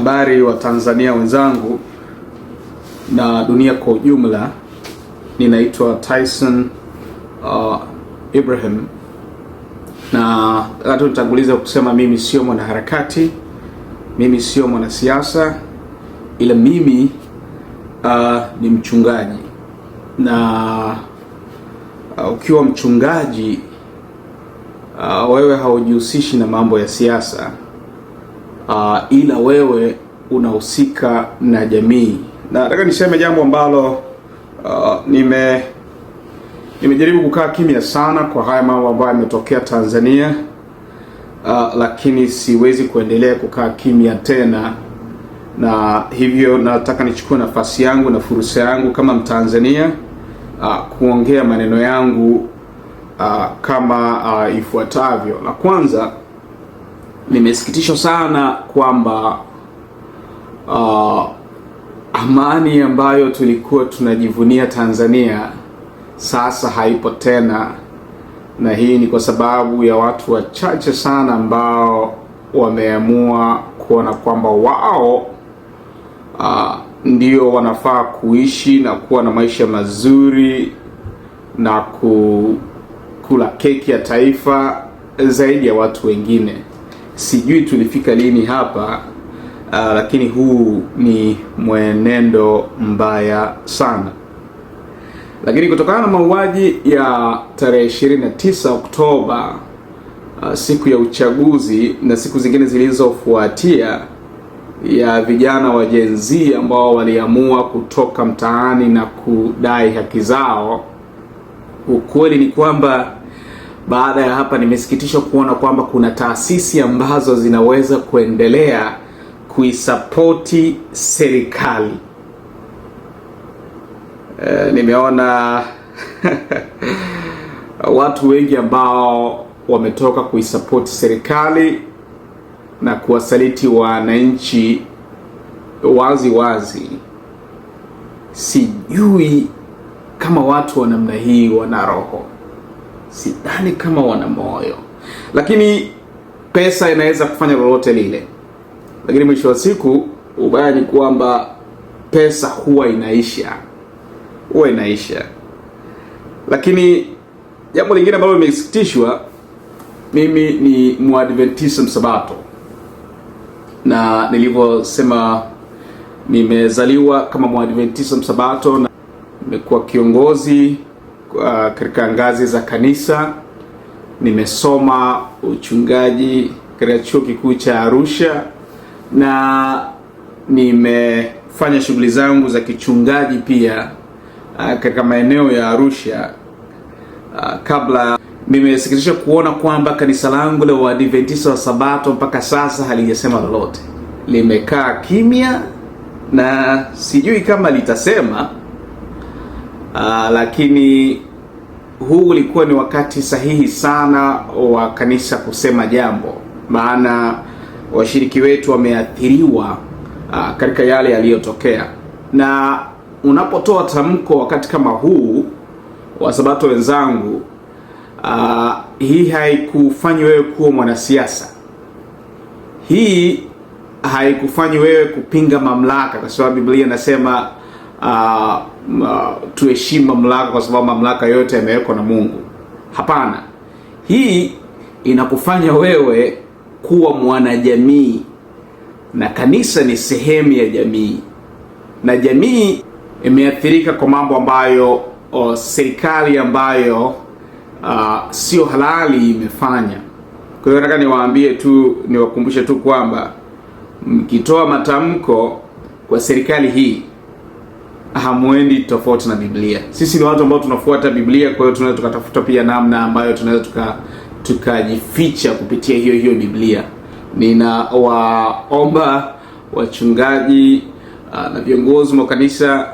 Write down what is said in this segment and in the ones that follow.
Habari wa Tanzania wenzangu na dunia kwa ujumla, ninaitwa Tyson uh, Ibrahim, na hata nitanguliza kusema mimi sio mwanaharakati, mimi sio mwanasiasa, ila mimi uh, ni mchungaji na uh, ukiwa mchungaji uh, wewe haujihusishi na mambo ya siasa uh, ila wewe unahusika na jamii, na nataka niseme jambo ambalo uh, nime nimejaribu kukaa kimya sana kwa haya mambo ambayo yametokea Tanzania uh, lakini siwezi kuendelea kukaa kimya tena, na hivyo nataka nichukue nafasi yangu na fursa yangu kama Mtanzania uh, kuongea maneno yangu uh, kama uh, ifuatavyo. La kwanza nimesikitishwa sana kwamba uh, amani ambayo tulikuwa tunajivunia Tanzania sasa haipo tena, na hii ni kwa sababu ya watu wachache sana ambao wameamua kuona kwamba wao uh, ndio wanafaa kuishi na kuwa na maisha mazuri na ku, kula keki ya taifa zaidi ya watu wengine sijui tulifika lini hapa uh, lakini huu ni mwenendo mbaya sana. Lakini kutokana na mauaji ya tarehe 29 Oktoba uh, siku ya uchaguzi na siku zingine zilizofuatia ya vijana wa Gen ambao waliamua kutoka mtaani na kudai haki zao, ukweli ni kwamba baada ya hapa, nimesikitishwa kuona kwamba kuna taasisi ambazo zinaweza kuendelea kuisapoti serikali. E, nimeona watu wengi ambao wametoka kuisapoti serikali na kuwasaliti wananchi wazi wazi. Sijui kama watu wa namna hii wana roho sidhani kama wana moyo, lakini pesa inaweza kufanya lolote lile. Lakini mwisho wa siku, ubaya ni kwamba pesa huwa inaisha, huwa inaisha. Lakini jambo lingine ambalo limesikitishwa, mimi ni Mwadventista Msabato, na nilivyosema nimezaliwa kama Mwadventista Msabato na nimekuwa kiongozi uh, katika ngazi za kanisa. Nimesoma uchungaji katika chuo kikuu cha Arusha na nimefanya shughuli zangu za kichungaji pia uh, katika maeneo ya Arusha uh, kabla nimesikitisha kuona kwamba kanisa langu la Waadventista wa Sabato mpaka sasa halijasema lolote, limekaa kimya na sijui kama litasema Ah, lakini huu ulikuwa ni wakati sahihi sana wa kanisa kusema jambo, maana washiriki wetu wameathiriwa ah, katika yale yaliyotokea, na unapotoa tamko wakati kama huu, Wasabato wenzangu, ah, hii haikufanyi wewe kuwa mwanasiasa, hii haikufanyi wewe kupinga mamlaka, kwa sababu Biblia inasema tuheshimu mamlaka kwa sababu mamlaka yote yamewekwa na Mungu. Hapana, hii inakufanya wewe kuwa mwanajamii, na kanisa ni sehemu ya jamii, na jamii imeathirika kwa mambo ambayo o, serikali ambayo uh, sio halali imefanya. Kwa hiyo nataka niwaambie tu, niwakumbushe tu kwamba mkitoa matamko kwa serikali hii hamwendi tofauti na Biblia. Sisi ni watu ambao tunafuata Biblia, kwa hiyo tunaweza tukatafuta pia namna ambayo tunaweza tuka tukajificha kupitia hiyo hiyo Biblia. Ninawaomba wachungaji uh, na viongozi wa kanisa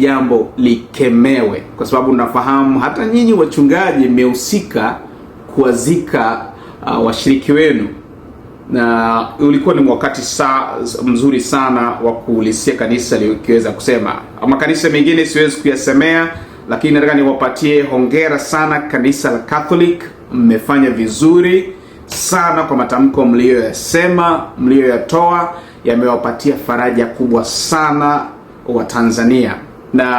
jambo likemewe, kwa sababu nafahamu hata nyinyi wachungaji mmehusika kuwazika uh, washiriki wenu na ulikuwa ni wakati saa mzuri sana wa kuulisia kanisa likiweza kusema. Makanisa mengine siwezi kuyasemea, lakini nataka niwapatie hongera sana kanisa la Catholic. Mmefanya vizuri sana kwa matamko mliyoyasema, mliyoyatoa yamewapatia faraja kubwa sana wa Tanzania na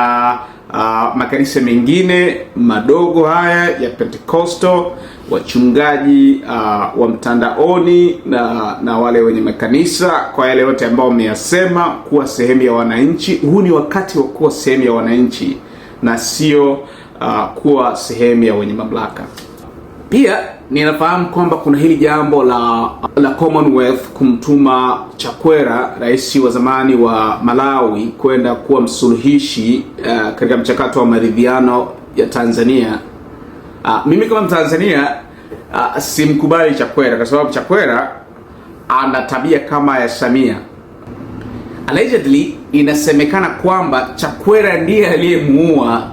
Ah, makanisa mengine madogo haya ya Pentecostal, wachungaji uh, wa mtandaoni na, na wale wenye makanisa, kwa yale yote ambao ameyasema kuwa sehemu ya wananchi. Huu ni wakati wa kuwa sehemu ya wananchi na sio uh, kuwa sehemu ya wenye mamlaka pia Ninafahamu kwamba kuna hili jambo la la Commonwealth kumtuma Chakwera, rais wa zamani wa Malawi, kwenda kuwa msuluhishi uh, katika mchakato wa maridhiano ya Tanzania. Uh, mimi kama Mtanzania uh, simkubali Chakwera kwa sababu Chakwera ana tabia kama ya Samia. Allegedly inasemekana kwamba Chakwera ndiye aliyemuua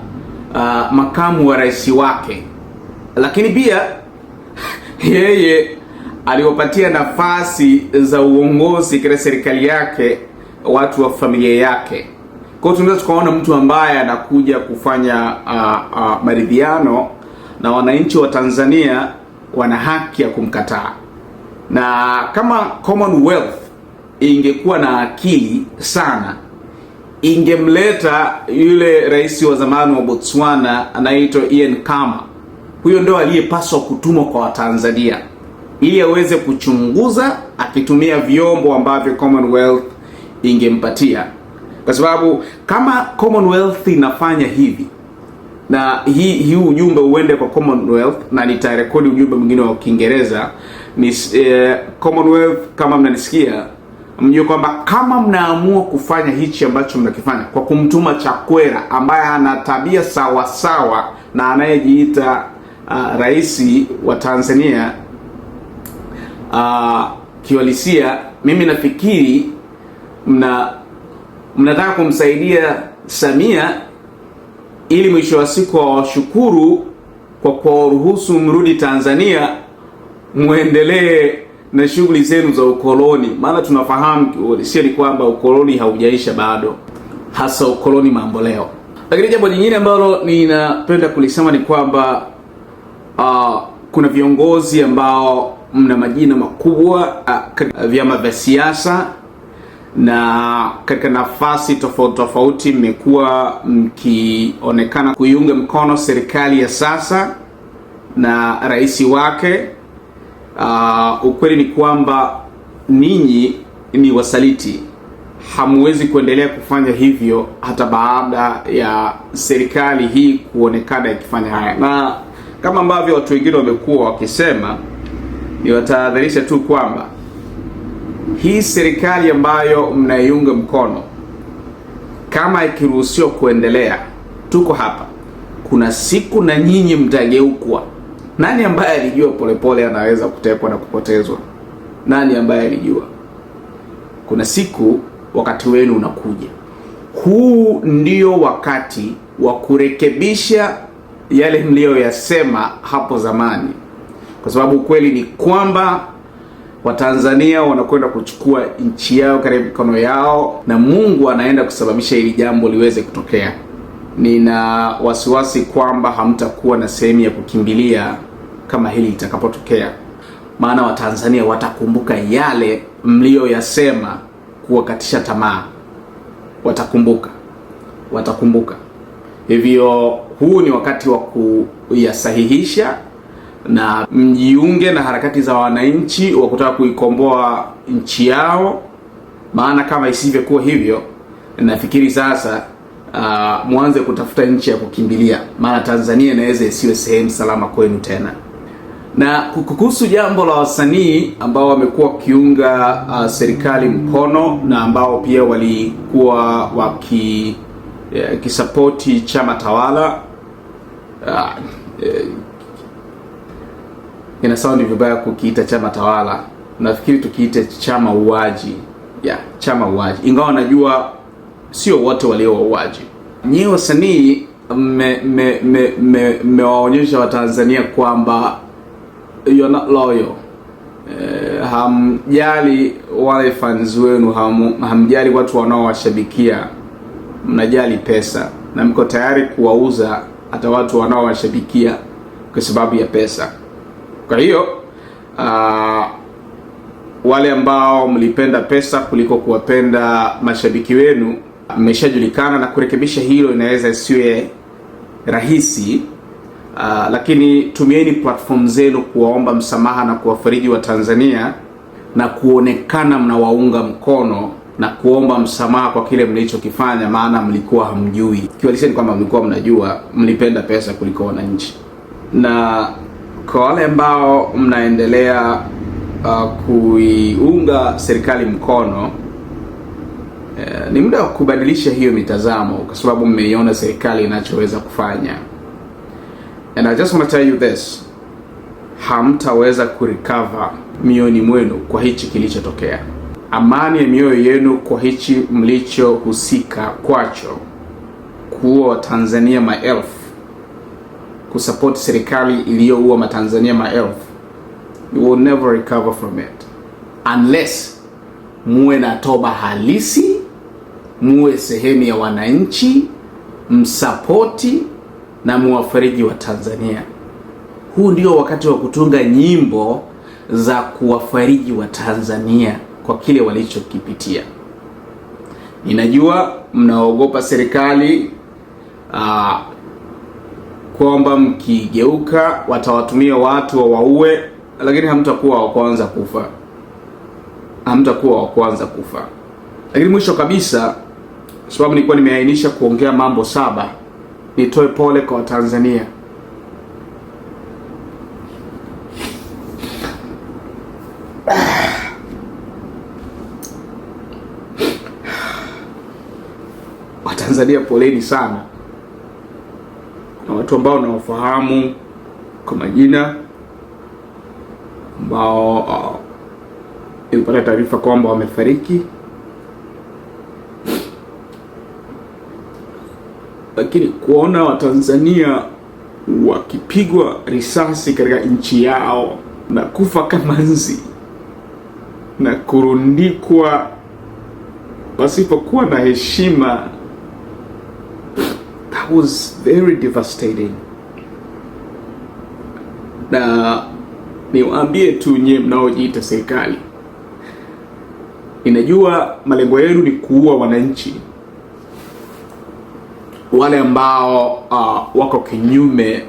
uh, makamu wa rais wake, lakini pia yeye aliwapatia nafasi za uongozi katika serikali yake watu wa familia yake. Kwa hiyo tunaweza tukaona mtu ambaye anakuja kufanya uh, uh, maridhiano na wananchi wa Tanzania wana haki ya kumkataa, na kama Commonwealth ingekuwa na akili sana ingemleta yule rais wa zamani wa Botswana anaitwa Ian kama huyo ndo aliyepaswa kutumwa kwa Watanzania ili aweze kuchunguza akitumia vyombo ambavyo Commonwealth ingempatia, kwa sababu kama Commonwealth inafanya hivi na hii hi ujumbe uende kwa Commonwealth, na nitarekodi ujumbe mwingine wa Kiingereza ni eh, Commonwealth, kama mnanisikia mjue kwamba kama mnaamua kufanya hichi ambacho mnakifanya kwa kumtuma Chakwera ambaye ana tabia sawasawa na anayejiita uh, rais wa Tanzania uh, ah, kiwalisia, mimi nafikiri mna mnataka kumsaidia Samia ili mwisho wa siku awashukuru kwa kuwaruhusu mrudi Tanzania muendelee na shughuli zenu za ukoloni. Maana tunafahamu kiuhalisia ni kwamba ukoloni haujaisha bado, hasa ukoloni mamboleo. Lakini jambo jingine ambalo ninapenda kulisema ni kwamba uh, kuna viongozi ambao mna majina makubwa uh, katika vyama vya siasa na katika nafasi tofauti tofauti mmekuwa mkionekana kuiunga mkono serikali ya sasa na rais wake. Uh, ukweli ni kwamba ninyi ni wasaliti, hamwezi kuendelea kufanya hivyo hata baada ya serikali hii kuonekana ikifanya haya na kama ambavyo watu wengine wamekuwa wakisema, niwatahadharisha tu kwamba hii serikali ambayo mnaiunga mkono kama ikiruhusiwa kuendelea, tuko hapa, kuna siku na nyinyi mtageukwa. Nani ambaye alijua Polepole anaweza kutekwa na kupotezwa? Nani ambaye alijua? Kuna siku wakati wenu unakuja. Huu ndio wakati wa kurekebisha yale mliyoyasema hapo zamani, kwa sababu ukweli ni kwamba Watanzania wanakwenda kuchukua nchi yao katika mikono yao na Mungu anaenda kusababisha hili jambo liweze kutokea. Nina wasiwasi kwamba hamtakuwa na sehemu ya kukimbilia kama hili litakapotokea, maana Watanzania watakumbuka yale mliyoyasema kuwakatisha tamaa. Watakumbuka, watakumbuka hivyo huu ni wakati wa kuyasahihisha na mjiunge na harakati za wananchi wa kutaka kuikomboa nchi yao, maana kama isivyokuwa hivyo, nafikiri sasa uh, mwanze kutafuta nchi ya kukimbilia, maana Tanzania inaweza isiwe sehemu salama kwenu tena. Na kuhusu jambo la wasanii ambao wamekuwa wakiunga uh, serikali mkono na ambao pia walikuwa waki eh, kisapoti chama tawala ah, eh, ina saundi vibaya kukiita chama tawala, nafikiri tukiite chama uaji yeah, chama uwaji ingawa najua sio wote walio wauaji. Nyie wasanii mmewaonyesha Watanzania kwamba you're not loyal uh, hamjali wale fans wenu, hamjali watu wanaowashabikia mnajali pesa na mko tayari kuwauza hata watu wanaowashabikia kwa sababu ya pesa. Kwa hiyo uh, wale ambao mlipenda pesa kuliko kuwapenda mashabiki wenu mmeshajulikana, na kurekebisha hilo inaweza isiwe rahisi uh, lakini tumieni platform zenu kuwaomba msamaha na kuwafariji wa Tanzania na kuonekana mnawaunga mkono na kuomba msamaha kwa kile mlichokifanya, maana mlikuwa hamjui. Kiwalisha ni kwamba mlikuwa mnajua, mlipenda pesa kuliko wananchi. Na kwa wale ambao mnaendelea uh, kuiunga serikali mkono eh, ni muda wa kubadilisha hiyo mitazamo, kwa sababu mmeiona serikali inachoweza kufanya. And I just want to tell you this, hamtaweza kurecover mioni mwenu kwa hichi kilichotokea amani ya mioyo yenu kwa hichi mlichohusika kwacho, kuua Watanzania maelfu, kusapoti serikali iliyoua Matanzania maelfu. You will never recover from it unless muwe na toba halisi, muwe sehemu ya wananchi, msapoti na muwafariji wa Tanzania. Huu ndio wakati wa kutunga nyimbo za kuwafariji wa Tanzania kwa kile walichokipitia. Ninajua mnaogopa serikali ah, kwamba mkigeuka watawatumia watu wawaue, lakini hamtakuwa wa kwanza kufa, hamtakuwa wa kwanza kufa. Lakini mwisho kabisa, sababu nilikuwa nimeainisha kuongea mambo saba, nitoe pole kwa Watanzania Tanzania, poleni sana. Kuna watu ambao wanaofahamu kwa majina ambao uh, taarifa kwamba wamefariki, lakini kuona Watanzania wakipigwa risasi katika nchi yao na kufa kama nzi na kurundikwa pasipokuwa na heshima that was very devastating na niwaambie tu nyie mnaojiita serikali, inajua malengo yenu ni kuua wananchi wale ambao uh, wako kinyume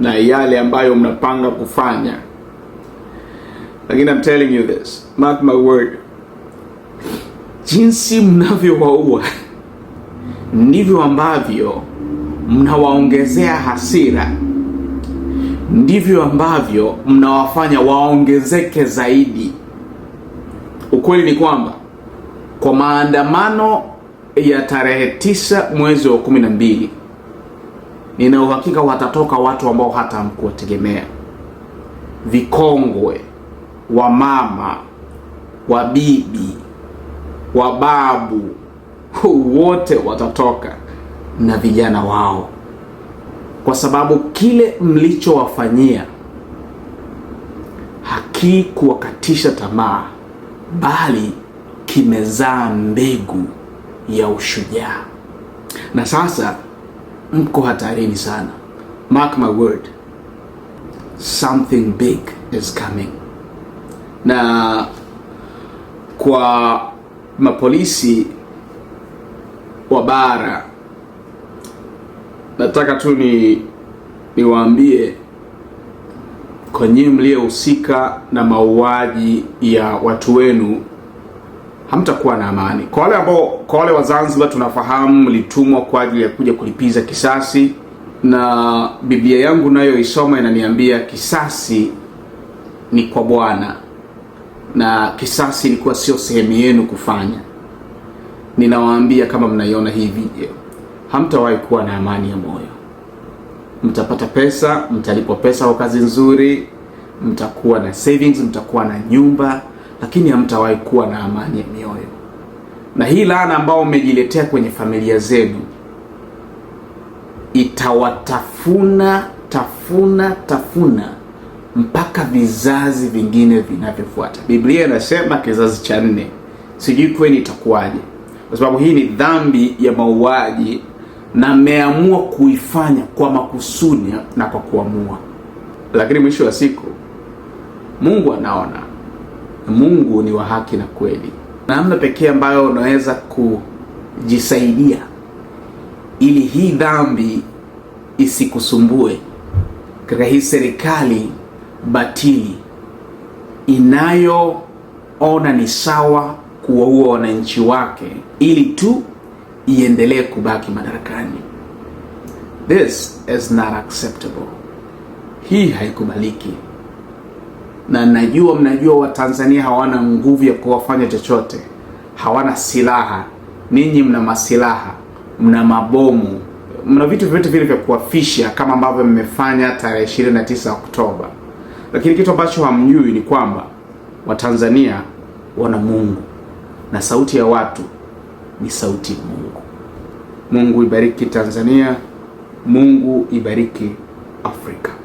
na yale ambayo mnapanga kufanya, lakini I'm telling you this, mark my word, jinsi mnavyowaua ndivyo ambavyo mnawaongezea hasira, ndivyo ambavyo mnawafanya waongezeke zaidi. Ukweli ni kwamba kwa maandamano ya tarehe tisa mwezi wa kumi na mbili nina uhakika watatoka watu ambao hata mkuwategemea vikongwe, wamama, wabibi, wababu, wote watatoka na vijana wao, kwa sababu kile mlichowafanyia hakikuwakatisha tamaa, bali kimezaa mbegu ya ushujaa, na sasa mko hatarini sana. Mark my word, something big is coming. Na kwa mapolisi wa bara nataka tu ni niwaambie kwa nyinyi mliohusika na mauaji ya watu wenu hamtakuwa na amani. Kwa wale ambao, kwa wale Wazanzibar tunafahamu mlitumwa kwa ajili ya kuja kulipiza kisasi, na Biblia yangu nayo isoma inaniambia kisasi ni kwa Bwana na kisasi ilikuwa sio sehemu yenu kufanya. Ninawaambia kama mnaiona hii video hamtawahi kuwa na amani ya moyo. Mtapata pesa, mtalipwa pesa kwa kazi nzuri, mtakuwa na savings, mtakuwa na nyumba, lakini hamtawahi kuwa na amani ya mioyo. Na hii laana ambayo umejiletea kwenye familia zenu itawatafuna tafuna tafuna mpaka vizazi vingine vinavyofuata. Biblia inasema kizazi cha nne, sijui kweni itakuwaje, kwa sababu hii ni dhambi ya mauaji na mmeamua kuifanya kwa makusudi na kwa kuamua, lakini mwisho wa siku Mungu anaona. Mungu ni wa haki na kweli. Namna pekee ambayo unaweza kujisaidia ili hii dhambi isikusumbue katika hii serikali batili inayoona ni sawa kuwaua wananchi wake ili tu iendelee kubaki madarakani. This is not acceptable. Hii haikubaliki, na najua mnajua Watanzania hawana nguvu ya kuwafanya chochote, hawana silaha. Ninyi mna masilaha, mna mabomu, mna vitu vyote vile vya kuwafisha kama ambavyo mmefanya tarehe 29 Oktoba, lakini kitu ambacho hamjui ni kwamba Watanzania wana Mungu na sauti ya watu ni sauti ya Mungu. Mungu ibariki Tanzania, Mungu ibariki Afrika.